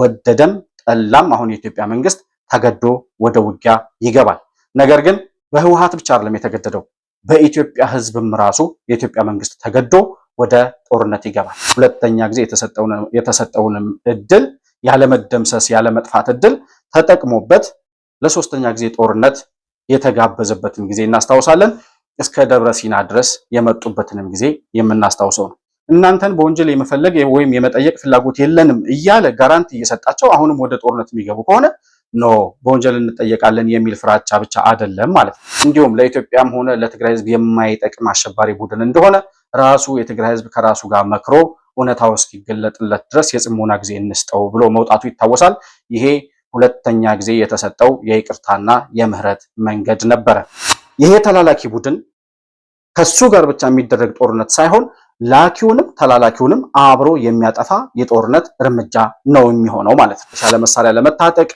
ወደደም ጠላም አሁን የኢትዮጵያ መንግስት ተገዶ ወደ ውጊያ ይገባል። ነገር ግን በህወሓት ብቻ አይደለም የተገደደው፣ በኢትዮጵያ ህዝብም ራሱ የኢትዮጵያ መንግስት ተገዶ ወደ ጦርነት ይገባል። ሁለተኛ ጊዜ የተሰጠውንም እድል ያለመደምሰስ ያለመጥፋት እድል ተጠቅሞበት ለሶስተኛ ጊዜ ጦርነት የተጋበዘበትን ጊዜ እናስታውሳለን። እስከ ደብረ ሲና ድረስ የመጡበትንም ጊዜ የምናስታውሰው ነው። እናንተን በወንጀል የመፈለግ ወይም የመጠየቅ ፍላጎት የለንም እያለ ጋራንቲ እየሰጣቸው አሁንም ወደ ጦርነት የሚገቡ ከሆነ ኖ በወንጀል እንጠየቃለን የሚል ፍራቻ ብቻ አይደለም ማለት ነው። እንዲሁም ለኢትዮጵያም ሆነ ለትግራይ ህዝብ የማይጠቅም አሸባሪ ቡድን እንደሆነ ራሱ የትግራይ ህዝብ ከራሱ ጋር መክሮ እውነታው እስኪገለጥለት ድረስ የጽሞና ጊዜ እንስጠው ብሎ መውጣቱ ይታወሳል። ይሄ ሁለተኛ ጊዜ የተሰጠው የይቅርታና የምህረት መንገድ ነበረ። ይሄ ተላላኪ ቡድን ከሱ ጋር ብቻ የሚደረግ ጦርነት ሳይሆን ላኪውንም ተላላኪውንም አብሮ የሚያጠፋ የጦርነት እርምጃ ነው የሚሆነው ማለት ነው። የተሻለ መሳሪያ ለመታጠቅ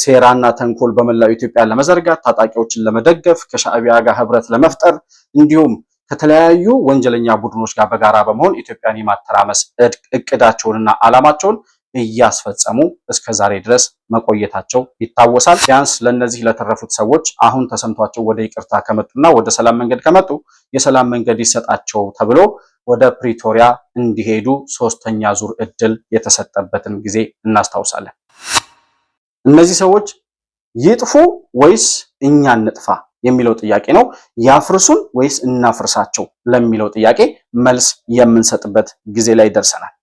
ሴራና ተንኮል በመላው ኢትዮጵያ ለመዘርጋት ታጣቂዎችን ለመደገፍ ከሻዕቢያ ጋር ህብረት ለመፍጠር እንዲሁም ከተለያዩ ወንጀለኛ ቡድኖች ጋር በጋራ በመሆን ኢትዮጵያን የማተራመስ እቅዳቸውንና አላማቸውን እያስፈጸሙ እስከ ዛሬ ድረስ መቆየታቸው ይታወሳል። ቢያንስ ለእነዚህ ለተረፉት ሰዎች አሁን ተሰምቷቸው ወደ ይቅርታ ከመጡና ወደ ሰላም መንገድ ከመጡ የሰላም መንገድ ይሰጣቸው ተብሎ ወደ ፕሪቶሪያ እንዲሄዱ ሶስተኛ ዙር እድል የተሰጠበትን ጊዜ እናስታውሳለን። እነዚህ ሰዎች ይጥፉ ወይስ እኛ እንጥፋ የሚለው ጥያቄ ነው። ያፍርሱን ወይስ እናፍርሳቸው ለሚለው ጥያቄ መልስ የምንሰጥበት ጊዜ ላይ ደርሰናል።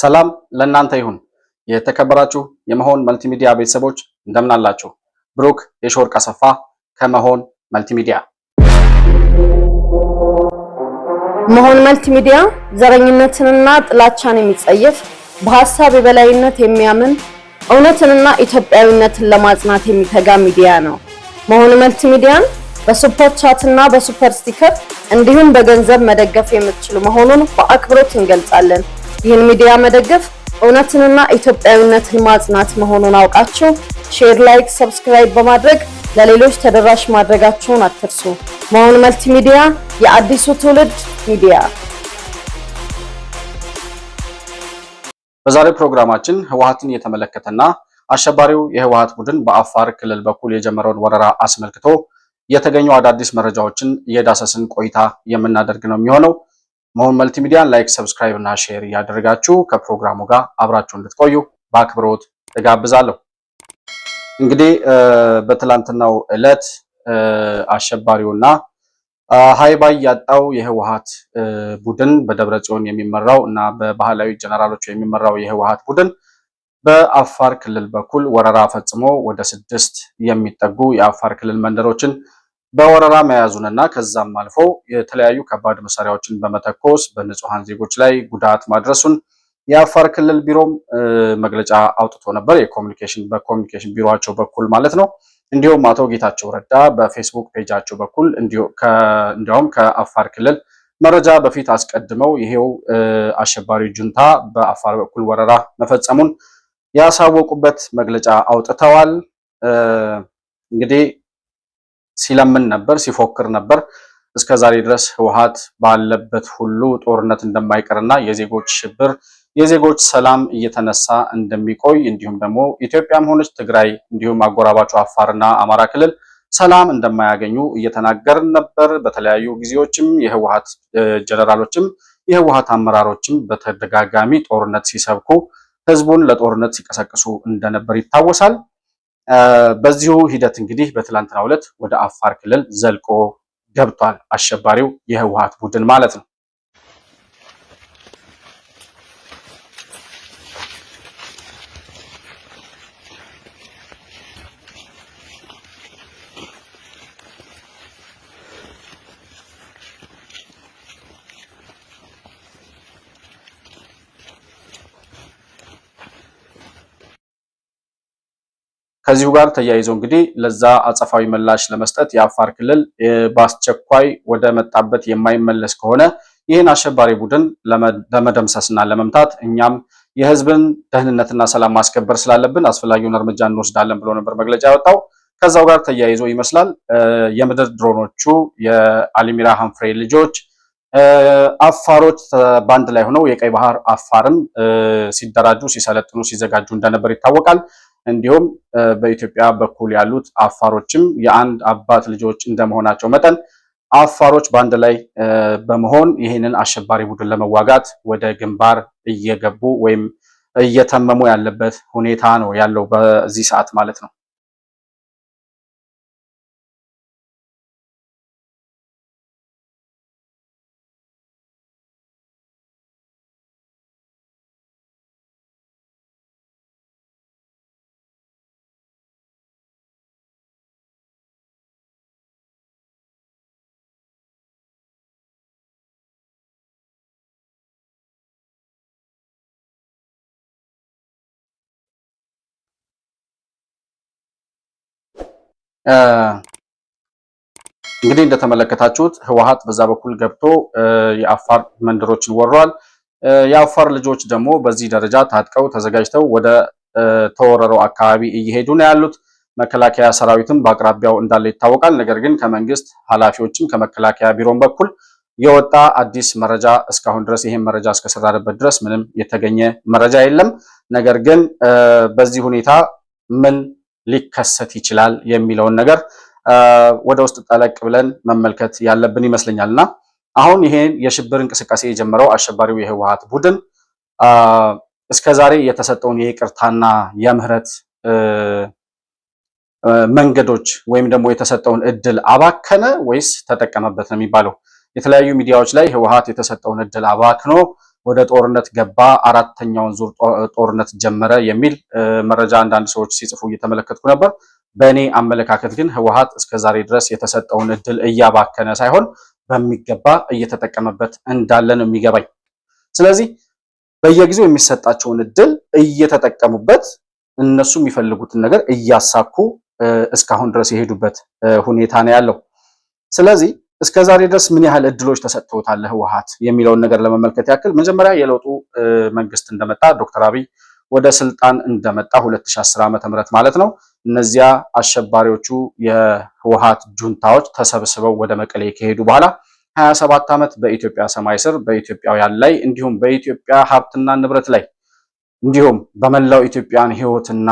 ሰላም ለእናንተ ይሁን። የተከበራችሁ የመሆን መልቲሚዲያ ቤተሰቦች እንደምን አላችሁ? ብሩክ የሾርቅ አሰፋ ከመሆን መልቲሚዲያ። መሆን መልቲሚዲያ ዘረኝነትንና ጥላቻን የሚጸየፍ በሀሳብ የበላይነት የሚያምን እውነትንና ኢትዮጵያዊነትን ለማጽናት የሚተጋ ሚዲያ ነው። መሆን መልቲሚዲያን በሱፐር ቻት እና በሱፐር ስቲከር እንዲሁም በገንዘብ መደገፍ የምትችሉ መሆኑን በአክብሮት እንገልጻለን። ይህን ሚዲያ መደገፍ እውነትንና ኢትዮጵያዊነትን ማጽናት መሆኑን አውቃችሁ ሼር፣ ላይክ፣ ሰብስክራይብ በማድረግ ለሌሎች ተደራሽ ማድረጋችሁን አትርሱ። መሆን መልቲሚዲያ የአዲሱ ትውልድ ሚዲያ። በዛሬው ፕሮግራማችን ህወሓትን እየተመለከተና አሸባሪው የህወሓት ቡድን በአፋር ክልል በኩል የጀመረውን ወረራ አስመልክቶ የተገኙ አዳዲስ መረጃዎችን እየዳሰስን ቆይታ የምናደርግ ነው የሚሆነው። መሆን መልቲሚዲያን ላይክ፣ ሰብስክራይብ እና ሼር እያደረጋችሁ ከፕሮግራሙ ጋር አብራችሁ እንድትቆዩ በአክብሮት እጋብዛለሁ። እንግዲህ በትላንትናው ዕለት አሸባሪውና ሀይባይ ያጣው የህወሀት ቡድን በደብረ ጽዮን የሚመራው እና በባህላዊ ጀነራሎች የሚመራው የህወሀት ቡድን በአፋር ክልል በኩል ወረራ ፈጽሞ ወደ ስድስት የሚጠጉ የአፋር ክልል መንደሮችን በወረራ መያዙንና ከዛም አልፎ የተለያዩ ከባድ መሳሪያዎችን በመተኮስ በንጹሐን ዜጎች ላይ ጉዳት ማድረሱን የአፋር ክልል ቢሮም መግለጫ አውጥቶ ነበር። የኮሚኒኬሽን በኮሚኒኬሽን ቢሮቸው በኩል ማለት ነው። እንዲሁም አቶ ጌታቸው ረዳ በፌስቡክ ፔጃቸው በኩል እንዲያውም ከአፋር ክልል መረጃ በፊት አስቀድመው ይሄው አሸባሪ ጁንታ በአፋር በኩል ወረራ መፈጸሙን ያሳወቁበት መግለጫ አውጥተዋል። እንግዲህ ሲለምን ነበር፣ ሲፎክር ነበር። እስከ ዛሬ ድረስ ህወሓት ባለበት ሁሉ ጦርነት እንደማይቀርና የዜጎች ሽብር፣ የዜጎች ሰላም እየተነሳ እንደሚቆይ እንዲሁም ደግሞ ኢትዮጵያም ሆነች ትግራይ እንዲሁም አጎራባቸው አፋርና አማራ ክልል ሰላም እንደማያገኙ እየተናገርን ነበር። በተለያዩ ጊዜዎችም የህወሓት ጀነራሎችም የህወሓት አመራሮችም በተደጋጋሚ ጦርነት ሲሰብኩ ህዝቡን ለጦርነት ሲቀሰቅሱ እንደነበር ይታወሳል። በዚሁ ሂደት እንግዲህ በትላንትናው ዕለት ወደ አፋር ክልል ዘልቆ ገብቷል። አሸባሪው የህወሀት ቡድን ማለት ነው። ከዚሁ ጋር ተያይዞ እንግዲህ ለዛ አጸፋዊ ምላሽ ለመስጠት የአፋር ክልል በአስቸኳይ ወደ መጣበት የማይመለስ ከሆነ ይህን አሸባሪ ቡድን ለመደምሰስና ለመምታት እኛም የህዝብን ደህንነትና ሰላም ማስከበር ስላለብን አስፈላጊውን እርምጃ እንወስዳለን ብሎ ነበር መግለጫ ያወጣው። ከዛው ጋር ተያይዞ ይመስላል የምድር ድሮኖቹ የአሊሚራ ሀንፍሬ ልጆች አፋሮች በአንድ ላይ ሆነው የቀይ ባህር አፋርን ሲደራጁ፣ ሲሰለጥኑ፣ ሲዘጋጁ እንደነበር ይታወቃል። እንዲሁም በኢትዮጵያ በኩል ያሉት አፋሮችም የአንድ አባት ልጆች እንደመሆናቸው መጠን አፋሮች በአንድ ላይ በመሆን ይህንን አሸባሪ ቡድን ለመዋጋት ወደ ግንባር እየገቡ ወይም እየተመሙ ያለበት ሁኔታ ነው ያለው በዚህ ሰዓት ማለት ነው። እንግዲህ እንደተመለከታችሁት ህወሓት በዛ በኩል ገብቶ የአፋር መንደሮችን ወሯል። የአፋር ልጆች ደግሞ በዚህ ደረጃ ታጥቀው ተዘጋጅተው ወደ ተወረረው አካባቢ እየሄዱ ነው ያሉት። መከላከያ ሰራዊትም በአቅራቢያው እንዳለ ይታወቃል። ነገር ግን ከመንግስት ኃላፊዎችም ከመከላከያ ቢሮም በኩል የወጣ አዲስ መረጃ እስካሁን ድረስ ይህም መረጃ እስከሰራንበት ድረስ ምንም የተገኘ መረጃ የለም። ነገር ግን በዚህ ሁኔታ ምን ሊከሰት ይችላል የሚለውን ነገር ወደ ውስጥ ጠለቅ ብለን መመልከት ያለብን ይመስለኛል አሁን ይሄን የሽብር እንቅስቃሴ የጀመረው አሸባሪው የህወሓት ቡድን እስከዛሬ የተሰጠውን የይቅርታና የምህረት መንገዶች ወይም ደግሞ የተሰጠውን እድል አባከነ ወይስ ተጠቀመበት ነው የሚባለው። የተለያዩ ሚዲያዎች ላይ ህወሓት የተሰጠውን እድል አባክኖ ወደ ጦርነት ገባ፣ አራተኛውን ዙር ጦርነት ጀመረ የሚል መረጃ አንዳንድ ሰዎች ሲጽፉ እየተመለከትኩ ነበር። በእኔ አመለካከት ግን ህወሓት እስከዛሬ ድረስ የተሰጠውን እድል እያባከነ ሳይሆን በሚገባ እየተጠቀመበት እንዳለ ነው የሚገባኝ። ስለዚህ በየጊዜው የሚሰጣቸውን እድል እየተጠቀሙበት እነሱ የሚፈልጉትን ነገር እያሳኩ እስካሁን ድረስ የሄዱበት ሁኔታ ነው ያለው። ስለዚህ እስከ ዛሬ ድረስ ምን ያህል እድሎች ተሰጥተውታል ህወሓት የሚለውን ነገር ለመመልከት ያክል መጀመሪያ የለውጡ መንግስት እንደመጣ ዶክተር አብይ ወደ ስልጣን እንደመጣ 2010 ዓ.ም ማለት ነው። እነዚያ አሸባሪዎቹ የህወሓት ጁንታዎች ተሰብስበው ወደ መቀሌ ከሄዱ በኋላ 27 ዓመት በኢትዮጵያ ሰማይ ስር በኢትዮጵያውያን ላይ እንዲሁም በኢትዮጵያ ሀብትና ንብረት ላይ እንዲሁም በመላው ኢትዮጵያን ህይወትና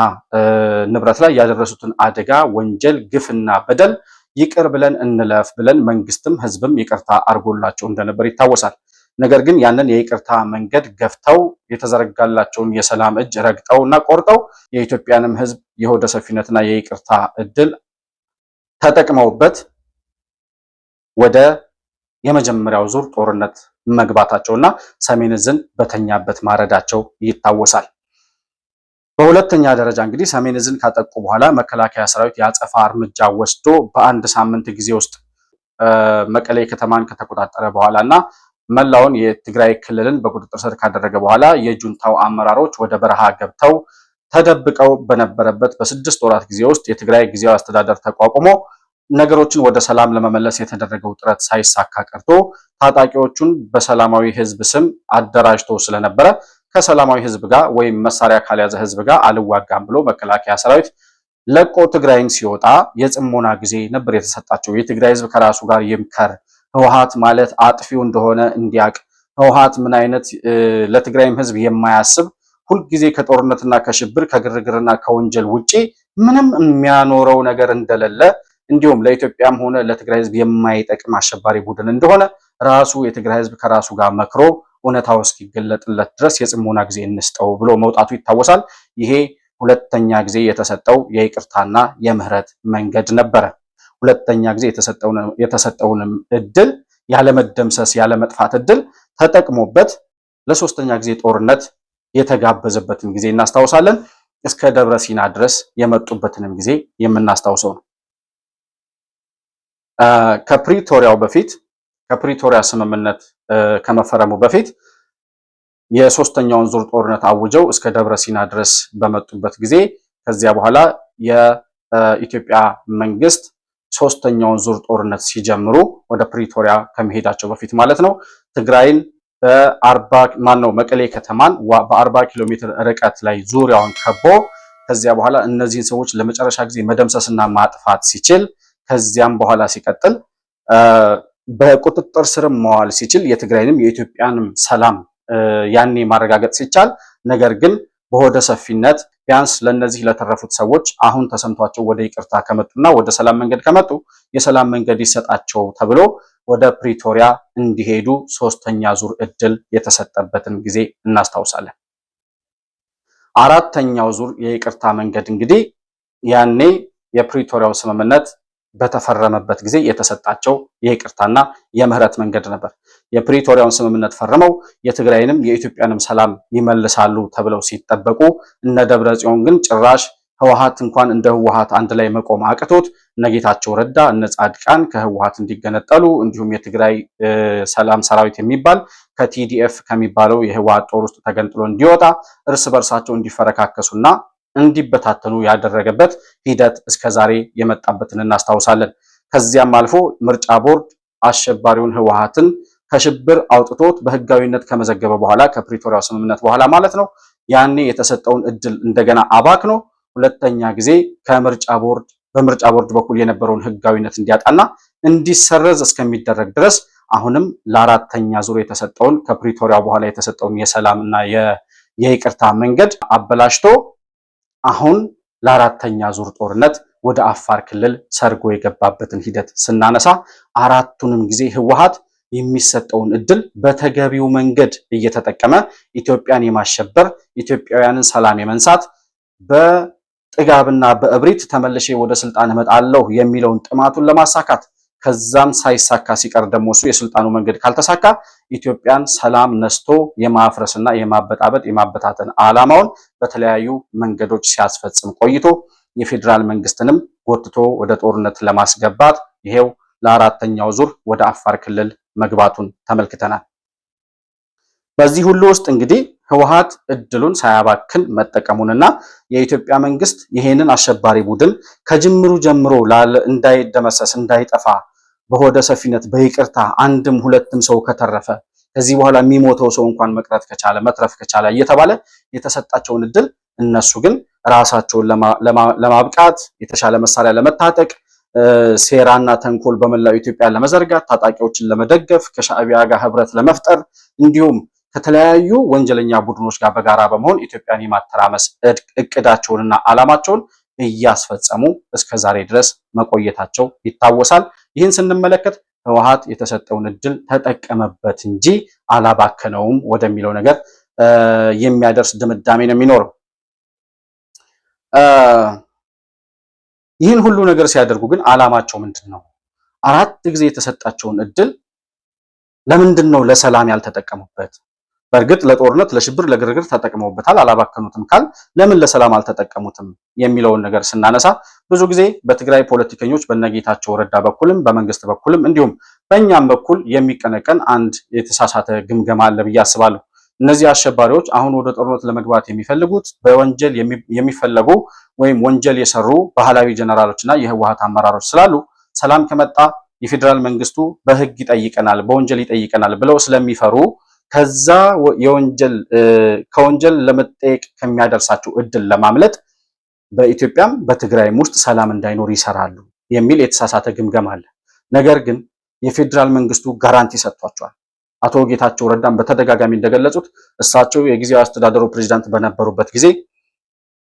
ንብረት ላይ ያደረሱትን አደጋ፣ ወንጀል፣ ግፍና በደል ይቅር ብለን እንለፍ ብለን መንግስትም ህዝብም ይቅርታ አድርጎላቸው እንደነበር ይታወሳል። ነገር ግን ያንን የይቅርታ መንገድ ገፍተው የተዘረጋላቸውን የሰላም እጅ ረግጠው እና ቆርጠው የኢትዮጵያንም ህዝብ የሆደ ሰፊነትና የይቅርታ እድል ተጠቅመውበት ወደ የመጀመሪያው ዙር ጦርነት መግባታቸውና ሰሜን ዕዝን በተኛበት ማረዳቸው ይታወሳል። በሁለተኛ ደረጃ እንግዲህ ሰሜን እዝን ካጠቁ በኋላ መከላከያ ሰራዊት የአጸፋ እርምጃ ወስዶ በአንድ ሳምንት ጊዜ ውስጥ መቀሌ ከተማን ከተቆጣጠረ በኋላ እና መላውን የትግራይ ክልልን በቁጥጥር ስር ካደረገ በኋላ የጁንታው አመራሮች ወደ በረሃ ገብተው ተደብቀው በነበረበት በስድስት ወራት ጊዜ ውስጥ የትግራይ ጊዜያዊ አስተዳደር ተቋቁሞ ነገሮችን ወደ ሰላም ለመመለስ የተደረገው ጥረት ሳይሳካ ቀርቶ ታጣቂዎቹን በሰላማዊ ሕዝብ ስም አደራጅቶ ስለነበረ ከሰላማዊ ህዝብ ጋር ወይም መሳሪያ ካልያዘ ህዝብ ጋር አልዋጋም ብሎ መከላከያ ሰራዊት ለቆ ትግራይን ሲወጣ የጽሞና ጊዜ ነበር የተሰጣቸው። የትግራይ ህዝብ ከራሱ ጋር ይምከር፣ ህወሓት ማለት አጥፊው እንደሆነ እንዲያቅ፣ ህወሓት ምን አይነት ለትግራይም ህዝብ የማያስብ ሁልጊዜ ከጦርነትና ከሽብር ከግርግርና ከወንጀል ውጪ ምንም የሚያኖረው ነገር እንደሌለ እንዲሁም ለኢትዮጵያም ሆነ ለትግራይ ህዝብ የማይጠቅም አሸባሪ ቡድን እንደሆነ ራሱ የትግራይ ህዝብ ከራሱ ጋር መክሮ እውነታው እስኪገለጥለት ድረስ የጽሞና ጊዜ እንስጠው ብሎ መውጣቱ ይታወሳል። ይሄ ሁለተኛ ጊዜ የተሰጠው የይቅርታና የምህረት መንገድ ነበረ። ሁለተኛ ጊዜ የተሰጠውንም እድል ያለመደምሰስ ያለመጥፋት እድል ተጠቅሞበት ለሶስተኛ ጊዜ ጦርነት የተጋበዘበትን ጊዜ እናስታውሳለን። እስከ ደብረ ሲና ድረስ የመጡበትንም ጊዜ የምናስታውሰው ነው። ከፕሪቶሪያው በፊት ከፕሪቶሪያ ስምምነት ከመፈረሙ በፊት የሶስተኛውን ዙር ጦርነት አውጀው እስከ ደብረ ሲና ድረስ በመጡበት ጊዜ ከዚያ በኋላ የኢትዮጵያ መንግስት ሶስተኛውን ዙር ጦርነት ሲጀምሩ ወደ ፕሪቶሪያ ከመሄዳቸው በፊት ማለት ነው ትግራይን በአርባ ማን መቀሌ ከተማን በአርባ ኪሎ ሜትር ርቀት ላይ ዙሪያውን ከቦ ከዚያ በኋላ እነዚህን ሰዎች ለመጨረሻ ጊዜ መደምሰስና ማጥፋት ሲችል ከዚያም በኋላ ሲቀጥል በቁጥጥር ስርም መዋል ሲችል የትግራይንም የኢትዮጵያንም ሰላም ያኔ ማረጋገጥ ሲቻል፣ ነገር ግን በሆደ ሰፊነት ቢያንስ ለእነዚህ ለተረፉት ሰዎች አሁን ተሰምቷቸው ወደ ይቅርታ ከመጡና ወደ ሰላም መንገድ ከመጡ የሰላም መንገድ ይሰጣቸው ተብሎ ወደ ፕሪቶሪያ እንዲሄዱ ሶስተኛ ዙር እድል የተሰጠበትን ጊዜ እናስታውሳለን። አራተኛው ዙር የይቅርታ መንገድ እንግዲህ ያኔ የፕሪቶሪያው ስምምነት በተፈረመበት ጊዜ የተሰጣቸው የይቅርታና የምህረት መንገድ ነበር። የፕሪቶሪያውን ስምምነት ፈርመው የትግራይንም የኢትዮጵያንም ሰላም ይመልሳሉ ተብለው ሲጠበቁ እነ ደብረ ጽዮን ግን ጭራሽ ህወሀት እንኳን እንደ ህወሀት አንድ ላይ መቆም አቅቶት እነ ጌታቸው ረዳ እነ ጻድቃን ከህወሀት እንዲገነጠሉ እንዲሁም የትግራይ ሰላም ሰራዊት የሚባል ከቲዲኤፍ ከሚባለው የህወሀት ጦር ውስጥ ተገንጥሎ እንዲወጣ እርስ በርሳቸው እንዲፈረካከሱና እንዲበታተኑ ያደረገበት ሂደት እስከዛሬ የመጣበትን እናስታውሳለን። ከዚያም አልፎ ምርጫ ቦርድ አሸባሪውን ህወሓትን ከሽብር አውጥቶት በህጋዊነት ከመዘገበ በኋላ ከፕሪቶሪያው ስምምነት በኋላ ማለት ነው ያኔ የተሰጠውን እድል እንደገና አባክ ነው። ሁለተኛ ጊዜ ከምርጫ ቦርድ በምርጫ ቦርድ በኩል የነበረውን ህጋዊነት እንዲያጣና እንዲሰረዝ እስከሚደረግ ድረስ አሁንም ለአራተኛ ዙር የተሰጠውን ከፕሪቶሪያው በኋላ የተሰጠውን የሰላምና የይቅርታ መንገድ አበላሽቶ አሁን ለአራተኛ ዙር ጦርነት ወደ አፋር ክልል ሰርጎ የገባበትን ሂደት ስናነሳ አራቱንም ጊዜ ህወሓት የሚሰጠውን እድል በተገቢው መንገድ እየተጠቀመ ኢትዮጵያን የማሸበር ኢትዮጵያውያንን ሰላም የመንሳት በጥጋብና በእብሪት ተመልሼ ወደ ስልጣን እመጣለሁ የሚለውን ጥማቱን ለማሳካት ከዛም ሳይሳካ ሲቀር ደግሞ እሱ የስልጣኑ መንገድ ካልተሳካ ኢትዮጵያን ሰላም ነስቶ የማፍረስና የማበጣበጥ የማበታተን ዓላማውን በተለያዩ መንገዶች ሲያስፈጽም ቆይቶ የፌዴራል መንግስትንም ጎትቶ ወደ ጦርነት ለማስገባት ይሄው ለአራተኛው ዙር ወደ አፋር ክልል መግባቱን ተመልክተናል። በዚህ ሁሉ ውስጥ እንግዲህ ህወሓት እድሉን ሳያባክን መጠቀሙንና የኢትዮጵያ መንግስት ይሄንን አሸባሪ ቡድን ከጅምሩ ጀምሮ እንዳይደመሰስ እንዳይጠፋ በሆደ ሰፊነት በይቅርታ አንድም ሁለትም ሰው ከተረፈ ከዚህ በኋላ የሚሞተው ሰው እንኳን መቅረት ከቻለ መትረፍ ከቻለ እየተባለ የተሰጣቸውን እድል እነሱ ግን ራሳቸውን ለማብቃት የተሻለ መሳሪያ ለመታጠቅ ሴራና ተንኮል በመላው ኢትዮጵያ ለመዘርጋት ታጣቂዎችን ለመደገፍ ከሻዕቢያ ጋር ህብረት ለመፍጠር እንዲሁም ከተለያዩ ወንጀለኛ ቡድኖች ጋር በጋራ በመሆን ኢትዮጵያን የማተራመስ እቅዳቸውንና ዓላማቸውን እያስፈጸሙ እስከ ዛሬ ድረስ መቆየታቸው ይታወሳል። ይህን ስንመለከት ህወሓት የተሰጠውን እድል ተጠቀመበት እንጂ አላባከነውም ወደሚለው ነገር የሚያደርስ ድምዳሜ ነው የሚኖረው። ይህን ሁሉ ነገር ሲያደርጉ ግን አላማቸው ምንድን ነው? አራት ጊዜ የተሰጣቸውን እድል ለምንድን ነው ለሰላም ያልተጠቀሙበት? በእርግጥ ለጦርነት ለሽብር ለግርግር ተጠቅመውበታል አላባከኑትም ካል ለምን ለሰላም አልተጠቀሙትም የሚለውን ነገር ስናነሳ ብዙ ጊዜ በትግራይ ፖለቲከኞች በነጌታቸው ረዳ በኩልም በመንግስት በኩልም እንዲሁም በእኛም በኩል የሚቀነቀን አንድ የተሳሳተ ግምገማ አለ ብዬ አስባለሁ። እነዚህ አሸባሪዎች አሁን ወደ ጦርነት ለመግባት የሚፈልጉት በወንጀል የሚፈለጉ ወይም ወንጀል የሰሩ ባህላዊ ጀነራሎችና የህወሀት አመራሮች ስላሉ ሰላም ከመጣ የፌዴራል መንግስቱ በህግ ይጠይቀናል፣ በወንጀል ይጠይቀናል ብለው ስለሚፈሩ ከዛ የወንጀል ከወንጀል ለመጠየቅ ከሚያደርሳቸው እድል ለማምለጥ በኢትዮጵያም በትግራይም ውስጥ ሰላም እንዳይኖር ይሰራሉ የሚል የተሳሳተ ግምገማ አለ። ነገር ግን የፌዴራል መንግስቱ ጋራንቲ ሰጥቷቸዋል። አቶ ጌታቸው ረዳም በተደጋጋሚ እንደገለጹት እሳቸው የጊዜያዊ አስተዳደሩ ፕሬዚዳንት በነበሩበት ጊዜ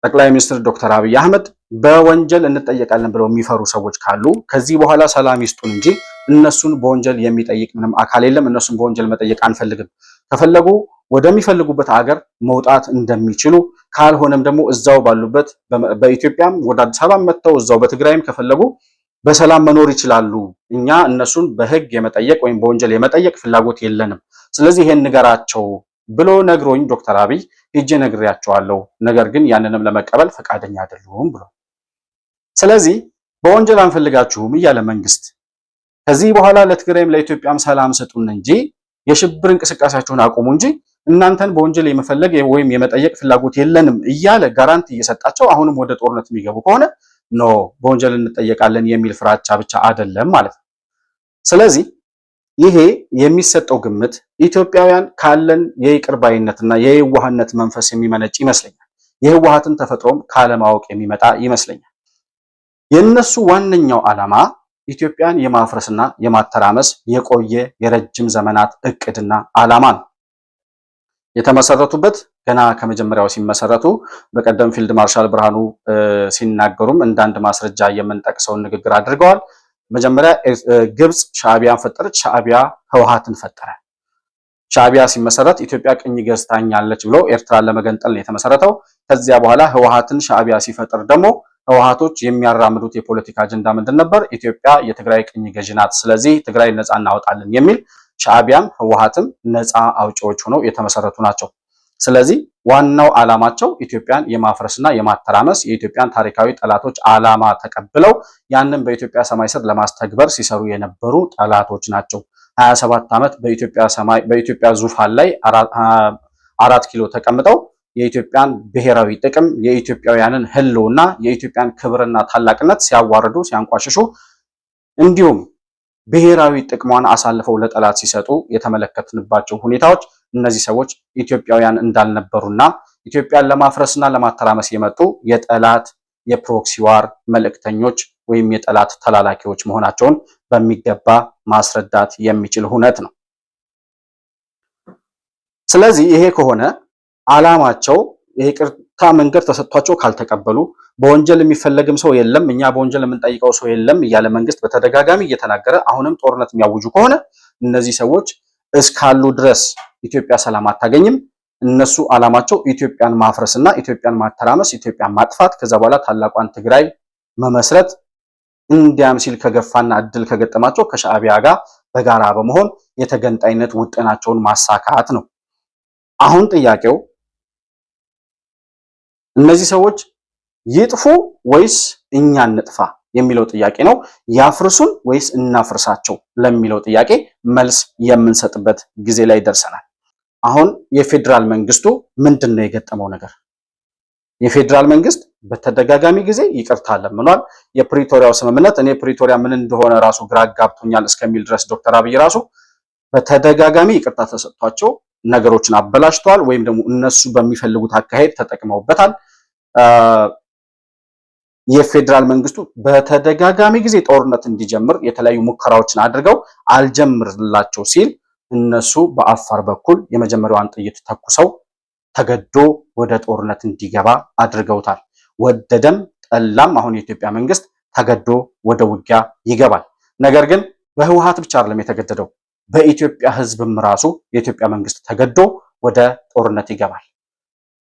ጠቅላይ ሚኒስትር ዶክተር አብይ አህመድ በወንጀል እንጠየቃለን ብለው የሚፈሩ ሰዎች ካሉ ከዚህ በኋላ ሰላም ይስጡን እንጂ እነሱን በወንጀል የሚጠይቅ ምንም አካል የለም፣ እነሱን በወንጀል መጠየቅ አንፈልግም ከፈለጉ ወደሚፈልጉበት አገር መውጣት እንደሚችሉ ካልሆነም ደግሞ እዛው ባሉበት በኢትዮጵያም ወደ አዲስ አበባ መጥተው እዛው በትግራይም ከፈለጉ በሰላም መኖር ይችላሉ። እኛ እነሱን በህግ የመጠየቅ ወይም በወንጀል የመጠየቅ ፍላጎት የለንም። ስለዚህ ይሄን ንገራቸው ብሎ ነግሮኝ ዶክተር አብይ ሄጄ ነግሬያቸዋለሁ። ነገር ግን ያንንም ለመቀበል ፈቃደኛ አይደሉም ብሎ ስለዚህ በወንጀል አንፈልጋችሁም እያለ መንግስት ከዚህ በኋላ ለትግራይም ለኢትዮጵያም ሰላም ስጡን እንጂ የሽብር እንቅስቃሴያችሁን አቁሙ እንጂ እናንተን በወንጀል የመፈለግ ወይም የመጠየቅ ፍላጎት የለንም እያለ ጋራንቲ እየሰጣቸው አሁንም ወደ ጦርነት የሚገቡ ከሆነ ኖ በወንጀል እንጠየቃለን የሚል ፍራቻ ብቻ አይደለም ማለት ነው። ስለዚህ ይሄ የሚሰጠው ግምት ኢትዮጵያውያን ካለን የይቅር ባይነትና መንፈስ የሚመነጭ ይመስለኛል። የህዋሃትን ተፈጥሮም ካለማወቅ የሚመጣ ይመስለኛል። የእነሱ ዋነኛው ዓላማ ኢትዮጵያን የማፍረስና የማተራመስ የቆየ የረጅም ዘመናት እቅድና ዓላማ ነው። የተመሰረቱበት ገና ከመጀመሪያው ሲመሰረቱ በቀደም ፊልድ ማርሻል ብርሃኑ ሲናገሩም እንዳንድ ማስረጃ የምንጠቅሰውን ንግግር አድርገዋል። መጀመሪያ ግብፅ ሻዕቢያን ፈጠረች፣ ሻዕቢያ ህወሓትን ፈጠረ። ሻዕቢያ ሲመሰረት ኢትዮጵያ ቅኝ ገዝታኛለች ብሎ ኤርትራን ለመገንጠል ነው የተመሰረተው። ከዚያ በኋላ ህወሓትን ሻዕቢያ ሲፈጥር ደግሞ ህወሓቶች የሚያራምዱት የፖለቲካ አጀንዳ ምንድን ነበር? ኢትዮጵያ የትግራይ ቅኝ ገዢ ናት፣ ስለዚህ ትግራይ ነፃ እናወጣለን የሚል ሻዕቢያም ህወሓትም ነፃ አውጪዎች ሆነው የተመሰረቱ ናቸው። ስለዚህ ዋናው ዓላማቸው ኢትዮጵያን የማፍረስና የማተራመስ የኢትዮጵያን ታሪካዊ ጠላቶች ዓላማ ተቀብለው ያንን በኢትዮጵያ ሰማይ ስር ለማስተግበር ሲሰሩ የነበሩ ጠላቶች ናቸው። 27 ዓመት በኢትዮጵያ ሰማይ በኢትዮጵያ ዙፋን ላይ አራት ኪሎ ተቀምጠው የኢትዮጵያን ብሔራዊ ጥቅም፣ የኢትዮጵያውያንን ሕልውና፣ የኢትዮጵያን ክብርና ታላቅነት ሲያዋርዱ፣ ሲያንቋሽሹ እንዲሁም ብሔራዊ ጥቅሟን አሳልፈው ለጠላት ሲሰጡ የተመለከትንባቸው ሁኔታዎች እነዚህ ሰዎች ኢትዮጵያውያን እንዳልነበሩና ኢትዮጵያን ለማፍረስና ለማተራመስ የመጡ የጠላት የፕሮክሲ ዋር መልእክተኞች ወይም የጠላት ተላላኪዎች መሆናቸውን በሚገባ ማስረዳት የሚችል ሁነት ነው። ስለዚህ ይሄ ከሆነ አላማቸው የይቅርታ መንገድ ተሰጥቷቸው ካልተቀበሉ በወንጀል የሚፈለግም ሰው የለም፣ እኛ በወንጀል የምንጠይቀው ሰው የለም እያለ መንግስት በተደጋጋሚ እየተናገረ አሁንም ጦርነት የሚያውጁ ከሆነ እነዚህ ሰዎች እስካሉ ድረስ ኢትዮጵያ ሰላም አታገኝም። እነሱ አላማቸው ኢትዮጵያን ማፍረስ እና ኢትዮጵያን ማተራመስ፣ ኢትዮጵያን ማጥፋት፣ ከዛ በኋላ ታላቋን ትግራይ መመስረት እንዲያም ሲል ከገፋና እድል ከገጠማቸው ከሻዕቢያ ጋር በጋራ በመሆን የተገንጣይነት ውጥናቸውን ማሳካት ነው። አሁን ጥያቄው እነዚህ ሰዎች ይጥፉ ወይስ እኛ እንጥፋ የሚለው ጥያቄ ነው። ያፍርሱን ወይስ እናፍርሳቸው ለሚለው ጥያቄ መልስ የምንሰጥበት ጊዜ ላይ ደርሰናል። አሁን የፌዴራል መንግስቱ ምንድን ነው የገጠመው ነገር? የፌዴራል መንግስት በተደጋጋሚ ጊዜ ይቅርታ ለምኗል። የፕሪቶሪያው ስምምነት እኔ ፕሪቶሪያ ምን እንደሆነ ራሱ ግራ ጋብቶኛል እስከሚል ድረስ ዶክተር አብይ ራሱ በተደጋጋሚ ይቅርታ ተሰጥቷቸው ነገሮችን አበላሽተዋል፣ ወይም ደግሞ እነሱ በሚፈልጉት አካሄድ ተጠቅመውበታል። የፌዴራል መንግስቱ በተደጋጋሚ ጊዜ ጦርነት እንዲጀምር የተለያዩ ሙከራዎችን አድርገው አልጀምርላቸው ሲል እነሱ በአፋር በኩል የመጀመሪያዋን ጥይት ተኩሰው ተገዶ ወደ ጦርነት እንዲገባ አድርገውታል። ወደደም ጠላም አሁን የኢትዮጵያ መንግስት ተገዶ ወደ ውጊያ ይገባል። ነገር ግን በህወሓት ብቻ አይደለም የተገደደው፣ በኢትዮጵያ ህዝብም ራሱ የኢትዮጵያ መንግስት ተገዶ ወደ ጦርነት ይገባል።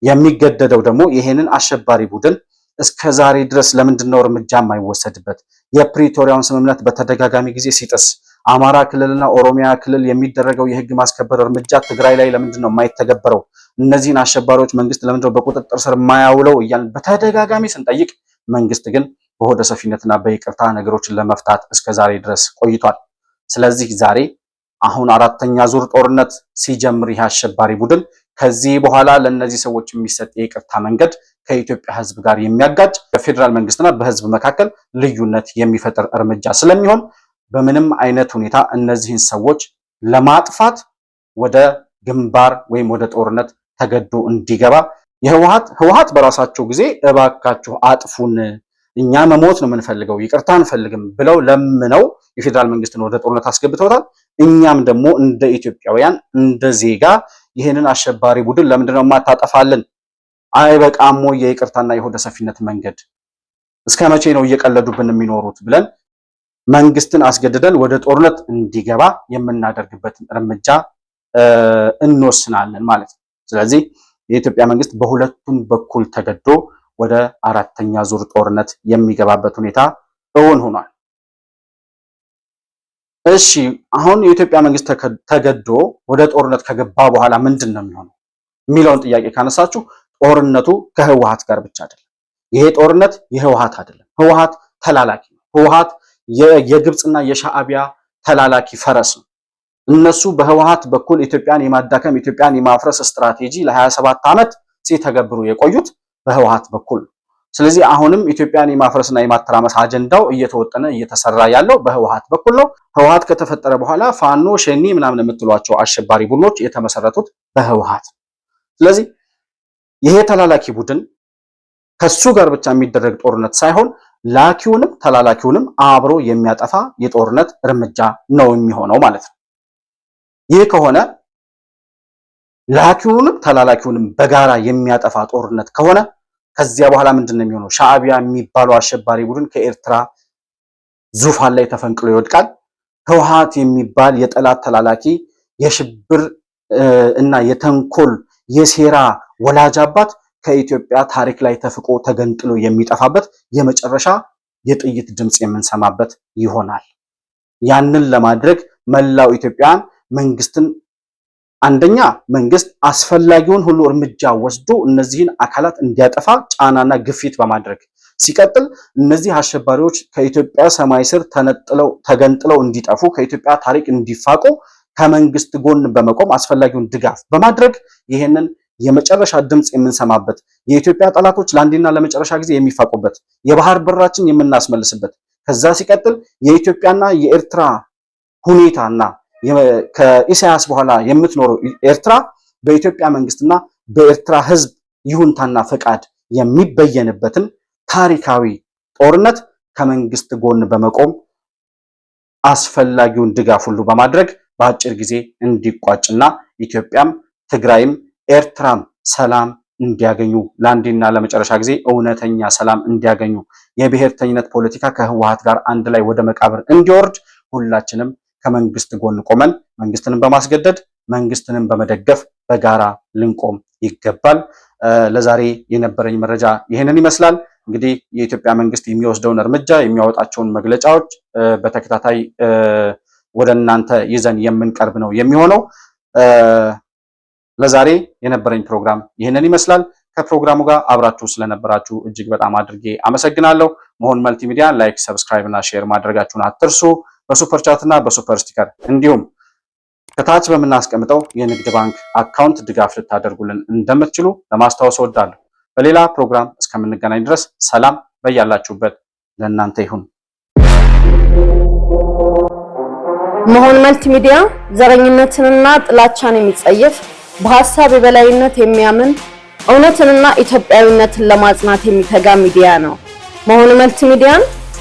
የሚገደደው ደግሞ ይሄንን አሸባሪ ቡድን እስከ ዛሬ ድረስ ለምንድን ነው እርምጃ የማይወሰድበት? የፕሪቶሪያውን ስምምነት በተደጋጋሚ ጊዜ ሲጥስ አማራ ክልልና ኦሮሚያ ክልል የሚደረገው የህግ ማስከበር እርምጃ ትግራይ ላይ ለምንድን ነው የማይተገበረው? እነዚህን አሸባሪዎች መንግስት ለምንድን ነው በቁጥጥር ስር የማያውለው? እያልን በተደጋጋሚ ስንጠይቅ መንግስት ግን በሆደ ሰፊነትና በይቅርታ ነገሮችን ለመፍታት እስከ ዛሬ ድረስ ቆይቷል። ስለዚህ ዛሬ አሁን አራተኛ ዙር ጦርነት ሲጀምር ይህ አሸባሪ ቡድን ከዚህ በኋላ ለእነዚህ ሰዎች የሚሰጥ የይቅርታ መንገድ ከኢትዮጵያ ሕዝብ ጋር የሚያጋጭ በፌዴራል መንግስትና በሕዝብ መካከል ልዩነት የሚፈጥር እርምጃ ስለሚሆን በምንም አይነት ሁኔታ እነዚህን ሰዎች ለማጥፋት ወደ ግንባር ወይም ወደ ጦርነት ተገዶ እንዲገባ የህወሀት ህወሀት በራሳቸው ጊዜ እባካችሁ አጥፉን እኛ መሞት ነው የምንፈልገው ይቅርታ አንፈልግም ብለው ለምነው የፌዴራል መንግስትን ወደ ጦርነት አስገብተውታል። እኛም ደግሞ እንደ ኢትዮጵያውያን እንደ ዜጋ ይሄንን አሸባሪ ቡድን ለምንድነው የማታጠፋልን? አይበቃም ወይ የይቅርታና የሆደ ሰፊነት መንገድ? እስከ መቼ ነው እየቀለዱብን የሚኖሩት ብለን መንግስትን አስገድደን ወደ ጦርነት እንዲገባ የምናደርግበትን እርምጃ እንወስናለን ማለት ነው። ስለዚህ የኢትዮጵያ መንግስት በሁለቱም በኩል ተገዶ ወደ አራተኛ ዙር ጦርነት የሚገባበት ሁኔታ እውን ሆኗል። እሺ አሁን የኢትዮጵያ መንግስት ተገዶ ወደ ጦርነት ከገባ በኋላ ምንድን ነው የሚሆነው የሚለውን ጥያቄ ካነሳችሁ ጦርነቱ ከህወሀት ጋር ብቻ አይደለም። ይሄ ጦርነት የህወሀት አይደለም። ህወሀት ተላላኪ ነው። ህወሀት የግብፅና የሻዕቢያ ተላላኪ ፈረስ ነው። እነሱ በህወሀት በኩል ኢትዮጵያን የማዳከም ኢትዮጵያን የማፍረስ ስትራቴጂ ለ27 ዓመት ሲተገብሩ የቆዩት በህወሀት በኩል ነው። ስለዚህ አሁንም ኢትዮጵያን የማፍረስና የማተራመስ አጀንዳው እየተወጠነ እየተሰራ ያለው በህወሀት በኩል ነው። ህወሀት ከተፈጠረ በኋላ ፋኖ፣ ሸኒ ምናምን የምትሏቸው አሸባሪ ቡድኖች የተመሰረቱት በህወሀት። ስለዚህ ይሄ ተላላኪ ቡድን ከሱ ጋር ብቻ የሚደረግ ጦርነት ሳይሆን ላኪውንም ተላላኪውንም አብሮ የሚያጠፋ የጦርነት እርምጃ ነው የሚሆነው ማለት ነው። ይህ ከሆነ ላኪውንም ተላላኪውንም በጋራ የሚያጠፋ ጦርነት ከሆነ ከዚያ በኋላ ምንድን ነው የሚሆነው? ሻዕቢያ የሚባለው አሸባሪ ቡድን ከኤርትራ ዙፋን ላይ ተፈንቅሎ ይወድቃል። ህውሃት የሚባል የጠላት ተላላኪ የሽብር እና የተንኮል የሴራ ወላጅ አባት ከኢትዮጵያ ታሪክ ላይ ተፍቆ ተገንጥሎ የሚጠፋበት የመጨረሻ የጥይት ድምፅ የምንሰማበት ይሆናል። ያንን ለማድረግ መላው ኢትዮጵያን መንግስትን አንደኛ መንግስት አስፈላጊውን ሁሉ እርምጃ ወስዶ እነዚህን አካላት እንዲያጠፋ ጫናና ግፊት በማድረግ ሲቀጥል እነዚህ አሸባሪዎች ከኢትዮጵያ ሰማይ ስር ተነጥለው ተገንጥለው እንዲጠፉ ከኢትዮጵያ ታሪክ እንዲፋቁ ከመንግስት ጎን በመቆም አስፈላጊውን ድጋፍ በማድረግ ይህንን የመጨረሻ ድምፅ የምንሰማበት የኢትዮጵያ ጠላቶች ለአንዴና ለመጨረሻ ጊዜ የሚፋቁበት የባህር በራችን የምናስመልስበት ከዛ ሲቀጥል የኢትዮጵያና የኤርትራ ሁኔታና ከኢሳያስ በኋላ የምትኖረው ኤርትራ በኢትዮጵያ መንግስትና በኤርትራ ህዝብ ይሁንታና ፈቃድ የሚበየንበትን ታሪካዊ ጦርነት ከመንግስት ጎን በመቆም አስፈላጊውን ድጋፍ ሁሉ በማድረግ በአጭር ጊዜ እንዲቋጭና ኢትዮጵያም ትግራይም ኤርትራም ሰላም እንዲያገኙ ለአንዴና ለመጨረሻ ጊዜ እውነተኛ ሰላም እንዲያገኙ የብሔርተኝነት ፖለቲካ ከህወሓት ጋር አንድ ላይ ወደ መቃብር እንዲወርድ ሁላችንም ከመንግስት ጎን ቆመን መንግስትንም በማስገደድ መንግስትንም በመደገፍ በጋራ ልንቆም ይገባል። ለዛሬ የነበረኝ መረጃ ይህንን ይመስላል። እንግዲህ የኢትዮጵያ መንግስት የሚወስደውን እርምጃ የሚያወጣቸውን መግለጫዎች በተከታታይ ወደ እናንተ ይዘን የምንቀርብ ነው የሚሆነው። ለዛሬ የነበረኝ ፕሮግራም ይህንን ይመስላል። ከፕሮግራሙ ጋር አብራችሁ ስለነበራችሁ እጅግ በጣም አድርጌ አመሰግናለሁ። መሆን መልቲሚዲያ ላይክ፣ ሰብስክራይብ እና ሼር ማድረጋችሁን አትርሱ። በሱፐር ቻት እና በሱፐር ስቲከር እንዲሁም ከታች በምናስቀምጠው የንግድ ባንክ አካውንት ድጋፍ ልታደርጉልን እንደምትችሉ ለማስታወስ እወዳለሁ። በሌላ ፕሮግራም እስከምንገናኝ ድረስ ሰላም በያላችሁበት ለእናንተ ይሁን። መሆን መልቲሚዲያ ሚዲያ ዘረኝነትንና ጥላቻን የሚጸየፍ በሀሳብ የበላይነት የሚያምን እውነትንና ኢትዮጵያዊነትን ለማጽናት የሚተጋ ሚዲያ ነው። መሆን መልቲሚዲያን